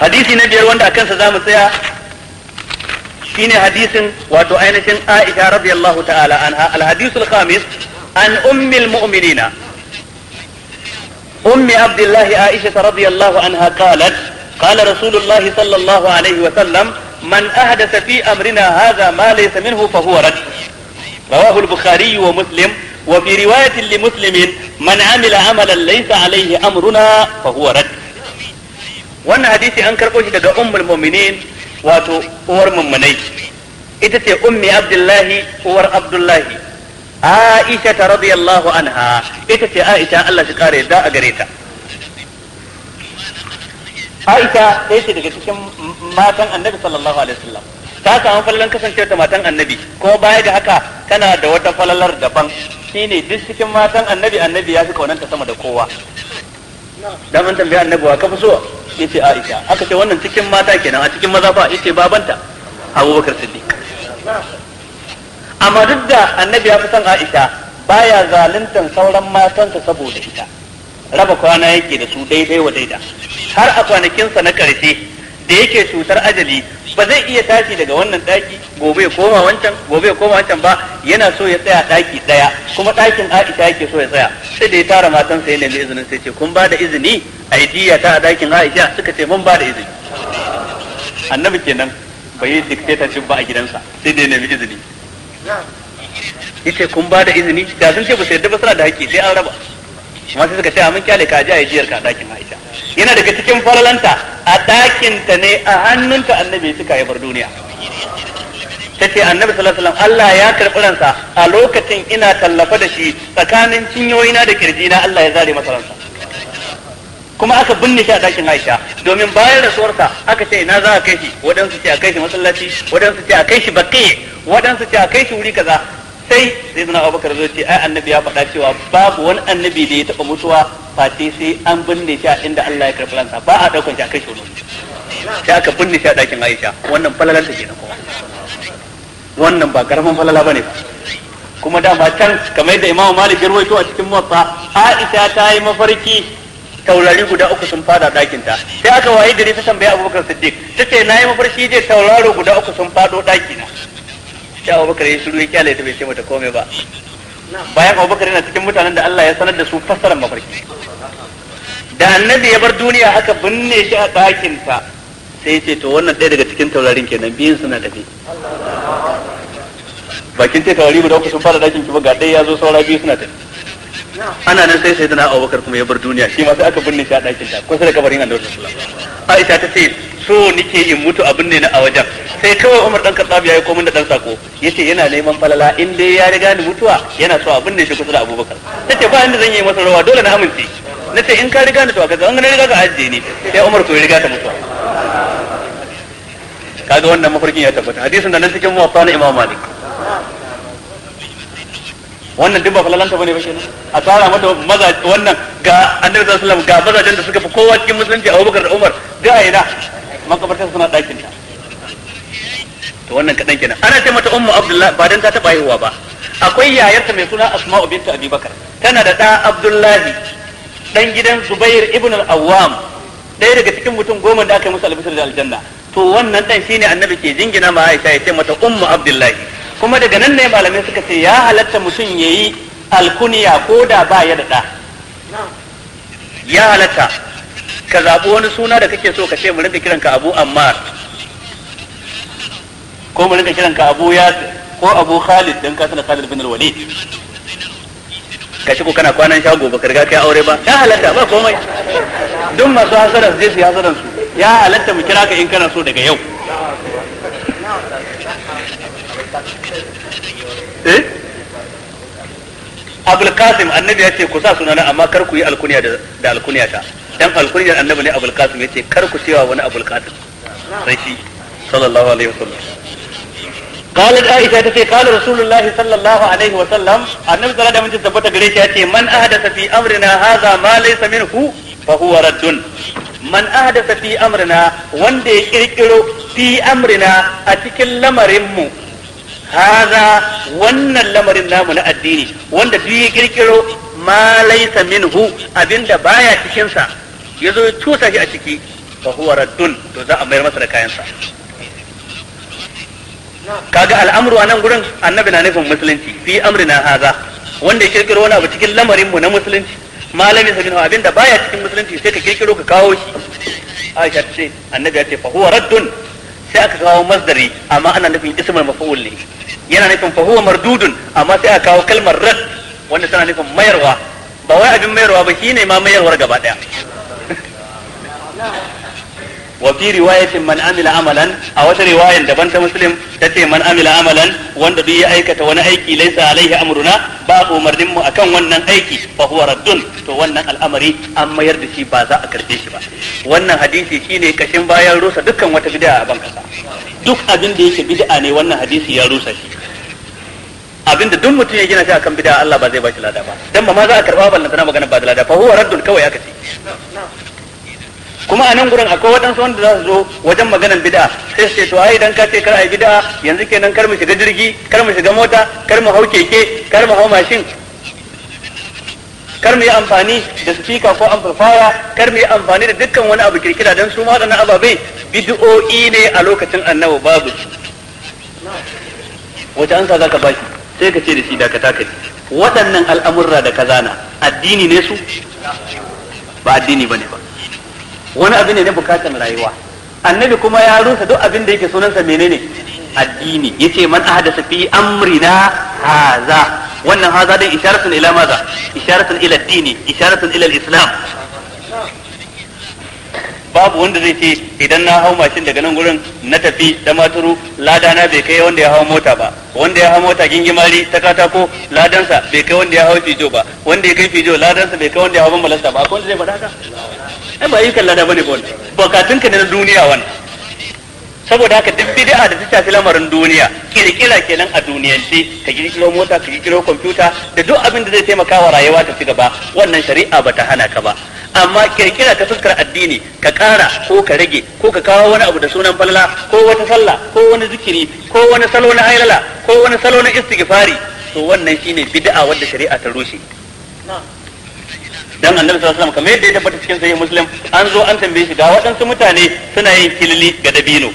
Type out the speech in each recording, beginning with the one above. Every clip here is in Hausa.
hadisi na biyar wanda a kansa za mu tsaya shine hadisin wato ainihin Aisha radiyallahu ta'ala anha al khamis an ummi al-mu'minina ummi Abdullah Aisha radiyallahu anha qalat qala rasulullahi sallallahu alaihi wa sallam man ahdatha fi amrina hadha ma laysa minhu fa huwa rad rawahu al-bukhari wa muslim wa fi riwayatin li muslimin man amila amalan laysa alayhi amruna fa huwa rad wannan hadisi an karɓo shi daga ummul mu'minin wato uwar mummunai ita ce ummi abdullahi uwar abdullahi aisha ta radiyallahu anha ita ce aisha Allah shi kare da a gare ta aisha ta ce daga cikin matan annabi sallallahu alaihi wasallam ta samu falalan kasancewa ta matan annabi ko baya ga haka tana da wata falalar daban shine duk cikin matan annabi annabi ya fi kaunanta sama da kowa dan an tambaya annabi wa fi so ce Aisha aka ce wannan cikin mata kenan a cikin maza ba yace babanta Abubakar Siddiq amma duk da annabi ya fi son Aisha baya zaluntan sauran matansa saboda ita raba kwana yake da su daidai wa daida har a kwanakinsa na karshe da yake cutar ajali ba zai iya tashi daga wannan daki gobe ya koma wancan gobe ya koma wancan ba yana so ya tsaya daki daya kuma dakin Aisha yake so ya tsaya sai da ya tara matansa ya nemi izinin sai ce kun ba da izini aidiya ta a ɗakin Aisha suka ce mun ba da izini annabi kenan bai yi dictatorship ba a gidansa sai dai nemi izini yace kun ba da izini da sun ce ba sai yadda ba suna da haƙƙi sai an raba amma sai suka ce a mun kyale ka ji aidiyar ka a ɗakin Aisha yana daga cikin faralanta a dakin ta ne a hannunta annabi suka yi bar duniya ta ce annabi sallallahu alaihi Allah ya karɓi ransa a lokacin ina tallafa da shi tsakanin cinyoyina da kirjina Allah ya zare masa ransa kuma aka binne shi a dakin Aisha domin bayan rasuwarsa aka ce ina za a kai shi waɗansu ce a kai shi masallaci waɗansu ce a kai shi baƙi waɗansu ce a kai shi wuri kaza sai sai zana abubakar zai ce ai annabi ya faɗa cewa babu wani annabi da ya taɓa mutuwa face sai an binne shi a inda Allah ya karɓi lansa ba a ɗaukan shi a kai shi wani sai aka binne shi a dakin Aisha wannan ke na kuma wannan ba karamin falala bane ba kuma dama can kamar yadda Imam Malik ya rawaito a cikin Muwatta Aisha ta yi mafarki taurari guda uku sun fada ɗakin ta sai aka waye gari ta tambaya abubakar siddiq ta ce na yi mafarki je tauraro guda uku sun fado ɗaki na sai abubakar ya shiru ya kyale ta bai ce mata komai ba bayan abubakar yana cikin mutanen da Allah ya sanar da su fassarar mafarki da annabi ya bar duniya haka binne shi a ɗakin ta sai ce to wannan ɗaya daga cikin taurarin kenan biyun suna tafi bakin ce taurari guda uku sun fada ɗakin ki ba ga ɗaya ya zo saura biyu suna tafi ana nan sai sayyidina Abubakar kuma ya bar duniya shi ma sai aka binne shi a dakin ta kusa da kabarin Annabi sallallahu alaihi wasallam Aisha ta ce so nike in mutu a binne na a wajen sai kawai Umar dan Khattab yayi komai da dan sako yace yana neman falala in dai ya riga ni mutuwa yana so a binne shi kusa da Abubakar tace ba inda zan yi masa rawa dole na amince nace in ka riga ni to kaga an ga riga ka ajiye ni sai Umar ko ya riga ta mutuwa kaga wannan mafarkin ya tabbata hadisin da nan cikin muwatta na Imam Malik wannan duk ba falalanta bane ba kenan a tsara mata maza wannan ga annabi sallallahu alaihi wasallam ga mazajen da suka fi kowa cikin musulunci a Abubakar da Umar ga aina makabarta suna dakin ta to wannan kadan kenan ana ce mata ummu abdullahi ba dan ta taba yiwa ba akwai yayarta mai suna asma'u bintu abubakar tana da da abdullahi dan gidan zubair ibn al-awwam ɗaya daga cikin mutum goma da aka yi musu albisar da aljanna to wannan dan shine annabi ke jingina ma aisha ya ce mata ummu abdullahi kuma daga nan ne malamai suka ce ya halatta mutum ya yi alkuniya ko da ba ya da ya halatta ka zaɓi wani suna da kake so ka ce mu rinka kiranka abu amma. ko mu rinka kiranka abu ya ko abu khalid dan ka sanar khalid bin walid ka ci ko kana kwanan shago baka riga kai aure ba ya halatta ba komai duk masu hasaran zai su hasaran su ya halatta mu kira ka in kana so daga yau Eh? Abulkasim qasim annabi ya ce ku sa sunana amma kar ku yi alkuniya da alkuniya ta dan alkuniyar annabi ne Abulkasim qasim ce kar ku cewa wani Abulkasim. qasim sai shi sallallahu alaihi wasallam قالت ta ce qala rasulullahi sallallahu alaihi wasallam Annabi zalla da صلى tabbata gare shi ya ce man من fi amrina hadha ma laysa minhu Fa huwa raddun man ahdasa fi amrina wanda ya kirkiro fi amrina a cikin lamarinmu haza wannan lamarin namu na addini wanda duk ya kirkiro ma laisa minhu abinda baya cikin sa yazo ya tusa shi a ciki fa huwa raddun to za a mayar masa da kayan sa kaga al'amru a nan gurin annabi na nufin musulunci fi amrina haza wanda ya kirkiro wani abu cikin lamarin mu na musulunci malami sabin abinda baya cikin musulunci sai ka kirkiro ka kawo shi Aisha ce annabi ya ce fa huwa raddun sai aka kawo masdari amma ana nufin ismul maf'ul ne yana nufin fa huwa mardudun amma sai aka kawo kalmar rad wanda tana nufin mayarwa ba wai abin mayarwa ba shine ma mayarwar gaba daya wa fi riwayatin man amila amalan a wata riwayan daban ta muslim tace man amila amalan wanda duk ya aikata wani aiki laisa alaihi amruna ba umarnin mu akan wannan aiki fa huwa raddun to wannan al'amari an mayar da shi ba za a karbe shi ba wannan hadisi shine kashin bayan rusa dukkan wata bid'a a bankasa duk abin da yake bid'a ne wannan hadisi ya rusa shi abinda duk mutum ya gina shi akan bid'a Allah ba zai ba shi lada ba dan ba ma za a karba ballantana magana ba da lada fa huwa raddun kawai aka ce kuma a nan gurin akwai waɗansu wanda za su zo wajen maganar bid'a sai su ce to ai idan ka ce kar ai bid'a yanzu kenan kar mu shiga jirgi kar mu shiga mota kar mu hau keke kar mu hau mashin kar mu yi amfani da speaker ko amplifier kar mu yi amfani da dukkan wani abu kirkira don su ma waɗannan ababai bid'o'i ne a lokacin annabi babu wata ansa ka ba shi sai ka ce da shi dakata ka waɗannan al'amurra da kazana addini ne su ba addini bane ba wani abu ne na bukatan rayuwa annabi kuma ya rusa duk abin da yake sunansa menene addini yace man ahdasa fi amrina haza wannan haza dai isharatun ila maza isharatun ila addini isharatun ila alislam babu wanda zai ce idan na hau mashin daga nan gurin na tafi da maturu lada na bai kai wanda ya hau mota ba wanda ya hau mota gingimari ta katako ladansa bai kai wanda ya hau fijo ba wanda ya kai fijo ladansa bai kai wanda ya hau bambalasta ba akwai wanda zai faɗa haka ai ba ayyukan lada bane ba bukatun ka na duniya wannan saboda haka duk bid'a da ta shafi lamarin duniya kirkira kenan a duniyance ka kirkiro mota ka kirkiro kwamfuta da duk abin da zai taimaka wa rayuwa ta cigaba wannan shari'a ba ta hana ka ba amma kirkira ta fuskar addini ka kara ko ka rage ko ka kawo wani abu da sunan falala ko wata sallah ko wani zikiri ko wani salo na hailala ko wani salo na istighfari to wannan shine bid'a wadda shari'a ta rushe dan annabi sallallahu alaihi wasallam kamar yadda ya tabbata cikin sahih muslim an zo an tambaye shi ga waɗansu mutane suna yin kilili ga dabino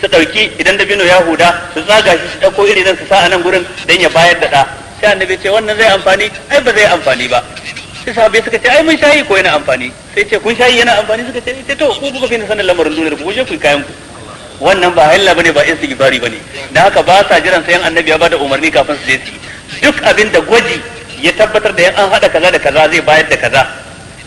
su dauki idan dabino ya huda su tsaga shi su dauko iri nan su sa a nan gurin dan ya bayar da da sai annabi ce wannan zai amfani ai ba zai amfani ba sai sahabi suka ce ai mun shayi ko yana amfani sai ce kun shayi yana amfani suka ce ita to ku kuka fi sanin lamarin duniyar ku je ku kayan ku wannan ba halla bane ba istighfari bane da haka ba sa jiran sai annabi ya bada umarni kafin su je su duk abin da gwaji ya tabbatar da yan an haɗa kaza da kaza zai bayar da kaza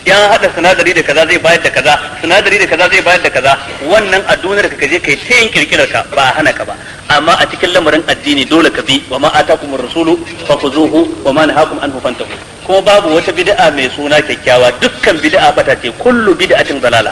yan haɗa sinadari da kaza zai bayar da kaza sinadari da kaza zai bayar da kaza wannan a duniyar ka kai ta yin kirkirar ka ba hana ka ba amma a cikin lamarin addini dole ka bi wa ma atakumur rasulu fakhuzuhu wa ma nahakum anhu fantahu kuma babu wata bid'a mai suna kyakkyawa dukkan bid'a bata ce kullu bid'atin dalala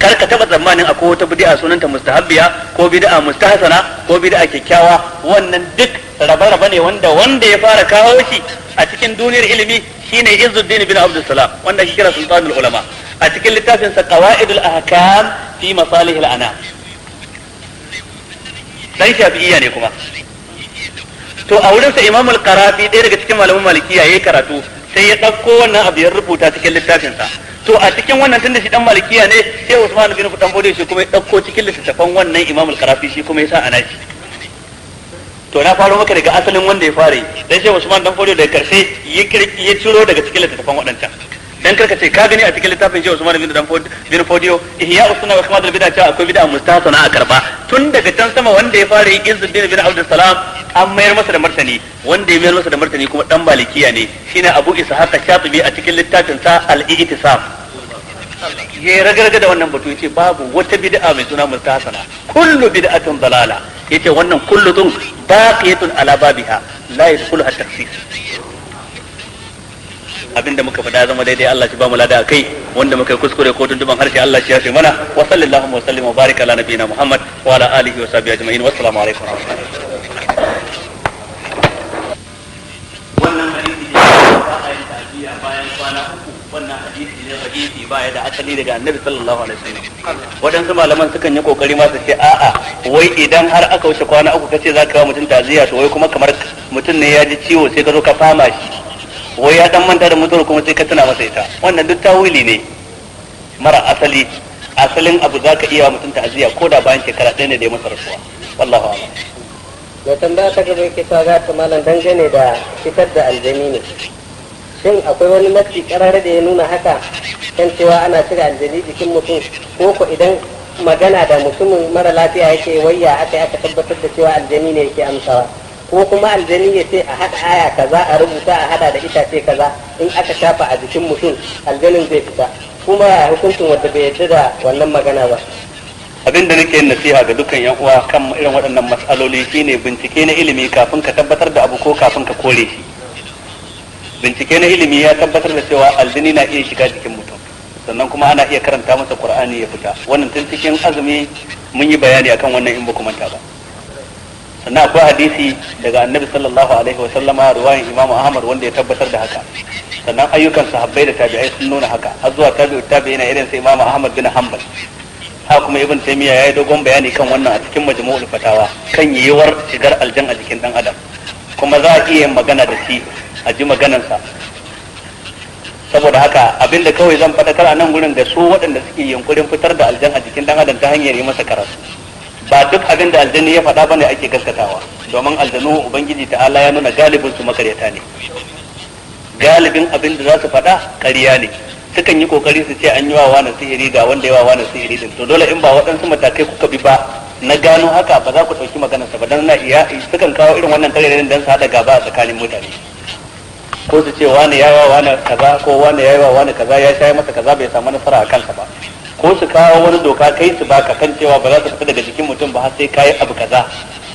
kar ka taba tsammanin a wata bid'a sunanta mustahabbiya ko bid'a mustahsana ko bid'a kyakkyawa wannan duk raba-raba ne wanda wanda ya fara kawo shi a cikin duniyar ilimi shine Izzuddin bin Abdul Salam wanda ake kira sultanul ulama a cikin littafin sa qawaidul ahkam fi masalihil anam dan shafi'iyya ne kuma to a wurin sa Imam al-Qarafi ɗaya daga cikin malaman malikiya yayi karatu sai ya ɗauko wannan abu ya rubuta cikin littafin sa to a cikin wannan tunda shi dan malikiya ne sai Usman bin Fudan Bode shi kuma ya dauko cikin littafan wannan Imam al-Karafi shi kuma yasa sa anashi to na faro maka daga asalin wanda ya fare dan sai Usman dan Bode daga karshe ya kirki ya ciro daga cikin littafan wadancan dan karka ce ka gani a cikin littafin shi Usman bin Dan bin Fodiyo Ihya Usuna wa Kamal bid'a cewa akwai bid'a mustahsana a karba tun daga can sama wanda ya fare yi Izzuddin bin Abdul Salam an mayar masa da martani wanda ya mayar masa da martani kuma dan malikiya ne shine Abu Ishaq Shatibi a cikin littafin sa Al-I'tisam ya ragarga da wannan batu yace babu wata bid'a mai suna sana kullu bid'atin dalala yace wannan kullu dun baqiyatun ala babiha la yadkhulu at abin abinda muka faɗa zama daidai Allah shi ba mu lada kai wanda muka yi kuskure ko tuntuban harshe Allah shi ya fi mana wa sallallahu wa sallim wa barika ala nabiyina Muhammad wa ala alihi wa sahbihi ajma'in wa assalamu alaikum wa rahmatullahi wannan hadisi tafiya bayan kwana uku wannan hadisi ne hadisi ba ya da asali daga annabi sallallahu alaihi wasallam wadansu malaman sukan yi kokari ma su ce a'a wai idan har aka wuce kwana uku kace za ka yi mutum taziya to wai kuma kamar mutum ne ya ji ciwo sai ka zo ka fama shi wai ya dan manta da mutuwar kuma sai ka tuna masa ita wannan duk tawili ne mara asali asalin abu za ka iya wa mutum ta'aziyya ko da bayan shekara ɗaya ne da ya masa rasuwa wallahu a'lam ya tambaya ta gaba ke cewa za ta malam dangane da fitar da aljini ne shin akwai wani nassi karare da ya nuna haka kan cewa ana cire aljani jikin mutum ko ko idan magana da mutumin mara lafiya yake wayya aka aka tabbatar da cewa aljani ne yake amsawa ko kuma aljani ya ce a haɗa aya kaza a rubuta a haɗa da itace kaza in aka shafa a jikin mutum aljanin zai fita kuma hukuncin wanda bai yarda da wannan magana ba abin da nake yin nasiha ga dukkan yan uwa kan irin waɗannan matsaloli shine bincike na ilimi kafin ka tabbatar da abu ko kafin ka kore shi bincike na ilimi ya tabbatar da cewa aljini na iya shiga jikin mutum sannan kuma ana iya karanta masa qur'ani ya fita wannan tun cikin azumi mun yi bayani akan wannan in ba ku manta ba sannan akwai hadisi daga annabi sallallahu alaihi wa sallama ruwayan imamu ahmad wanda ya tabbatar da haka sannan ayyukan sahabbai da tabi'ai sun nuna haka har zuwa tabi'u tabi'i na irin sai imamu ahmad bin hanbal ha kuma ibn taymiya yayi dogon bayani kan wannan a cikin majmu'ul fatawa kan yiwuwar shigar aljan a jikin dan adam kuma za a iya magana da shi a ji maganansa saboda haka abinda kawai zan faɗakar a nan gurin da su waɗanda suke yunkurin fitar da aljan a jikin dan adam ta hanyar yi masa karatu ba duk abin da ya faɗa bane ake gaskatawa domin aljanu ubangiji ta Allah ya nuna galibin su makaryata ne galibin abin da za su faɗa ƙarya ne sukan yi kokari su ce an yi wa wani sihiri ga wanda ya wa wani sihiri din to dole in ba waɗansu matakai kuka bi ba na gano haka ba za ku ɗauki maganarsa ba dan na iya sukan kawo irin wannan ƙarya ne dan su haɗa gaba a tsakanin mutane ko su ce wani ya wa wani kaza ko wani ya wa wani kaza ya shayar masa kaza bai samu nasara a kansa ba ko su kawo wani doka kai su baka kan cewa ba za su fita daga jikin mutum ba har sai kayi abu kaza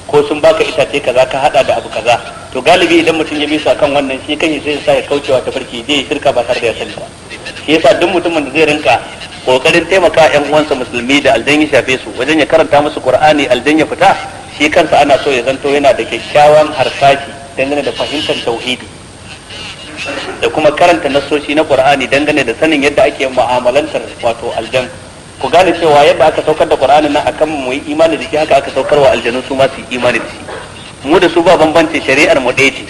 ko sun baka itace kaza ka hada da abu kaza to galibi idan mutum ya bi su akan wannan shi kan ya sa ya kaucewa ta farki je ya shirka ba tare da ya sani ba shi yasa duk mutumin da zai rinka kokarin taimaka yan uwansa musulmi da aljan ya shafe su wajen ya karanta musu qur'ani aljan ya fita shi kansa ana so ya zanto yana da kyakkyawan harsashi dangane da fahimtar tauhidi da kuma karanta nassoshi na qur'ani dangane da sanin yadda ake mu'amalantar wato aljan ku gane cewa yadda aka saukar da qur'ani nan akan mu yi imani da shi haka aka saukar wa aljanu su ma su yi imani da shi mu da su ba bambance shari'ar mu ɗaya ce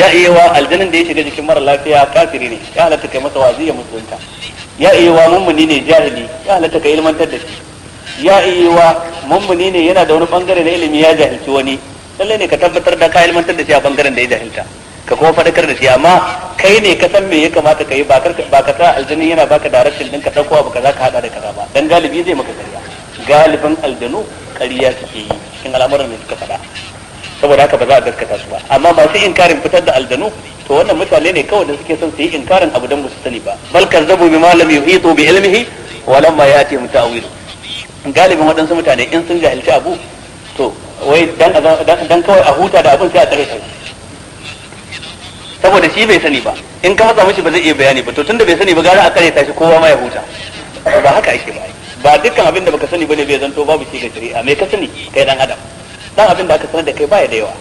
ya iya wa aljanin da ya shiga jikin mara lafiya kafiri ne ya halatta kai masa wazi ya musulunta ya iya wa mummuni ne jahili ya halatta kai ilmantar da shi ya iya wa mummuni ne yana da wani bangare na ilimi ya jahilci wani lallai ne ka tabbatar da ka ilmantar da shi a bangaren da ya jahilta ka kuma faɗakar da shi amma kai ne ka san me ya kamata ka yi ba ka sa aljanin yana baka direction din ka ta kowa ba ka hada da kaza ba dan galibi zai maka ƙarya galibin aljanu ƙarya suke yi cikin al'amuran da suka faɗa saboda haka ba za a gaskata su ba amma masu inkarin fitar da aljanu to wannan mutane ne kawai da suke son su yi inkarin abu dan musu sani ba bal kazzabu bi malam yuhitu bi ilmihi wa ma yati mutawil galibin waɗansu mutane in sun jahilci abu to wai dan dan kawai a huta da abin sai a tsare shi saboda shi bai sani ba in ka hatsa mishi ba zai iya bayani ba to tunda bai sani ba gara a kare shi kowa ma ya huta ba haka ake ba ba dukkan abin da baka sani bane bai zanto babu shi ga shari'a me ka sani kai dan adam dan abin da aka sanar da kai baya da yawa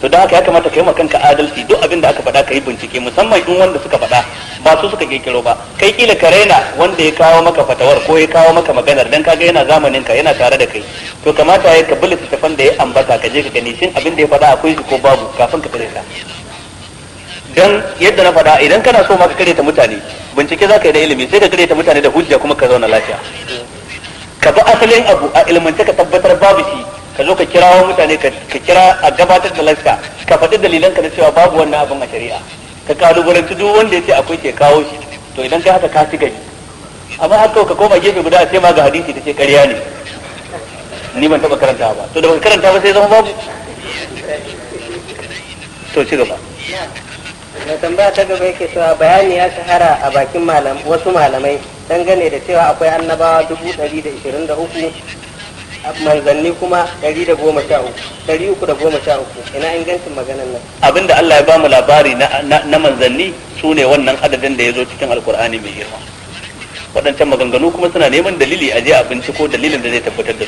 to dan haka ya kamata ka yi kanka adalci duk abin da aka faɗa ka yi bincike musamman in wanda suka faɗa ba su suka kirkiro ba kai kila ka raina wanda ya kawo maka fatawar ko ya kawo maka maganar dan kaga yana zamanin ka yana tare da kai to kamata ya ka bi tafan da ya ambata ka je ka gani shin abin da ya faɗa akwai shi ko babu kafin ka tare dan yadda na faɗa idan kana so ma ka ta mutane bincike za ka yi da ilimi sai ka ta mutane da hujja kuma ka zauna lafiya ka bi asalin abu a ilmance ka tabbatar babu shi ka zo ka wa mutane ka kira a gabatar da lafiya ka faɗi dalilan ka na cewa babu wannan abin a shari'a ka kalubalanci duk wanda ya ce akwai ke kawo shi to idan ka haka ka ci gani amma haka ka koma gefe guda a ce ma ga hadisi ta ce ƙarya ne ni ban taɓa karanta ba to da ban karanta ba sai zama babu to ci gaba mai tambaya ta gaba yake cewa bayani ya shahara a bakin wasu malamai dangane da cewa akwai annabawa dubu ɗari da ishirin da uku manzanni kuma ɗari da goma sha uku ɗari uku da goma sha uku ina ingancin maganan nan abinda Allah ya ba mu labari na manzanni su ne wannan adadin da ya zo cikin alkur'ani mai girma waɗancan maganganu kuma suna neman dalili a je a binciko dalilin da zai tabbatar da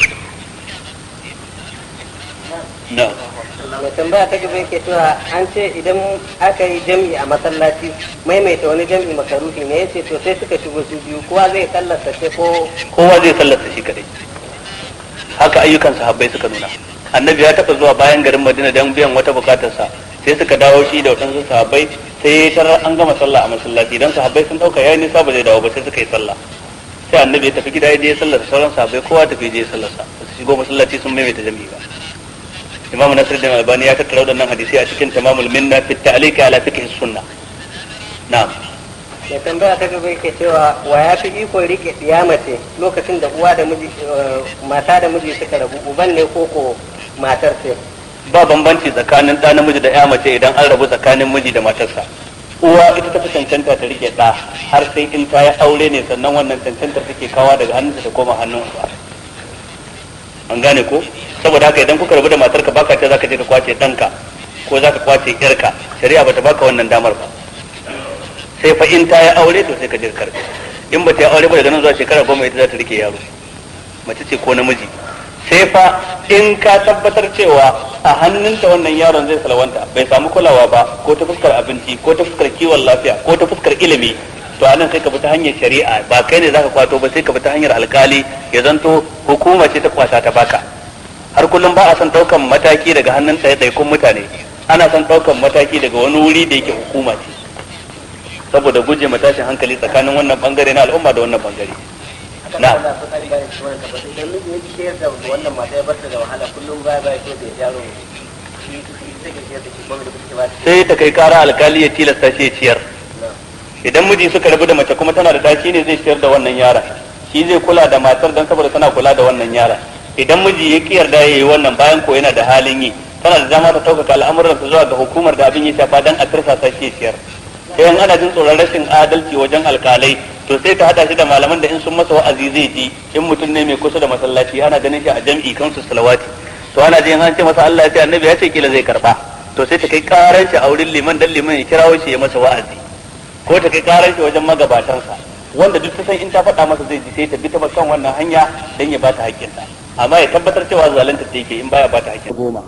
su mai tambaya ta gaba yake cewa an ce idan aka yi jam'i a masallaci maimaita wani jam'i makarufi ne ce to sai suka shigo su biyu kowa zai sallata shi ko kowa zai sallata shi kadai haka ayyukan sahabbai suka nuna annabi ya taba zuwa bayan garin madina don biyan wata bukatarsa sai suka dawo shi da waɗansu sahabbai sai ya tarar an gama sallah a masallaci idan sahabbai sun dauka yayi nisa ba zai dawo ba sai suka yi sallah sai annabi ya tafi gida ya je sallar sauran sahabbai kowa tafi je sallar sa su shigo masallaci sun maimaita jami'i ba imam nasiruddin albani ya tattara waɗannan hadisi a cikin tamamul minna fi ta'liqi ala fiqh sunna na'am ya tambaya ta gaba yake cewa wa ya fi iko rike mace lokacin da uwa da miji eh, mata da miji suka rabu uban ne ko ko matar ce ba bambanci tsakanin ɗa namiji da ya mace idan an rabu tsakanin miji da matarsa uwa ita ta fi cancanta ta rike ɗa har sai in ta yi aure ne sannan wannan cancantar take kawa daga hannunsa ta koma hannun uba an gane ko saboda haka idan kuka rabu da matarka baka ta zaka je ka kwace danka ko zaka kwace yarka shari'a bata baka wannan damar ba sai fa in ta yi aure to sai ka je in ba ta yi aure ba daga nan zuwa shekara goma ita za ta rike yaro mace ce ko namiji sai fa in ka tabbatar cewa a hannunta wannan yaron zai salwanta bai samu kulawa ba ko ta fuskar abinci ko ta fuskar kiwon lafiya ko ta fuskar ilimi to a nan sai ka bi ta hanyar shari'a ba kai ne zaka kwato ba sai ka bi ta hanyar alkali ya zanto hukuma ce ta kwasa ta baka har kullum ba a son daukan mataki daga hannun kun mutane ana son daukan mataki daga wani wuri da yake hukuma ce saboda guje ma tashin hankali tsakanin wannan bangare na al'umma da wannan bangare na sai ta kai kara alkali ya tilasta shi ciyar idan miji suka rabu da mace kuma tana da ɗaci ne zai ciyar da wannan yara shi zai kula da matar dan saboda tana kula da wannan yara idan miji ya ki yarda yayi wannan bayan ko yana da halin yi tana da dama ta ɗaukaka al'amuran ta zuwa ga hukumar da abin ya shafa dan a sa shi ciyar sai ana jin tsoron rashin adalci wajen alkalai to sai ka hada shi da malaman da in sun masa wa'azi zai ji in mutum ne mai kusa da masallaci ana ganin shi a jam'i kansu salawati to ana jin an ce masa Allah ya ce annabi ya ce kila zai karba to sai ta kai karan a wurin liman dan liman ya kirawo shi ya masa wa'azi ko ta kai karar shi wajen magabatansa wanda duk ta san in ta faɗa masa zai ji sai ta bi ta kan wannan hanya dan ya bata haƙƙinta amma ya tabbatar cewa zalunta take in baya bata haƙƙin goma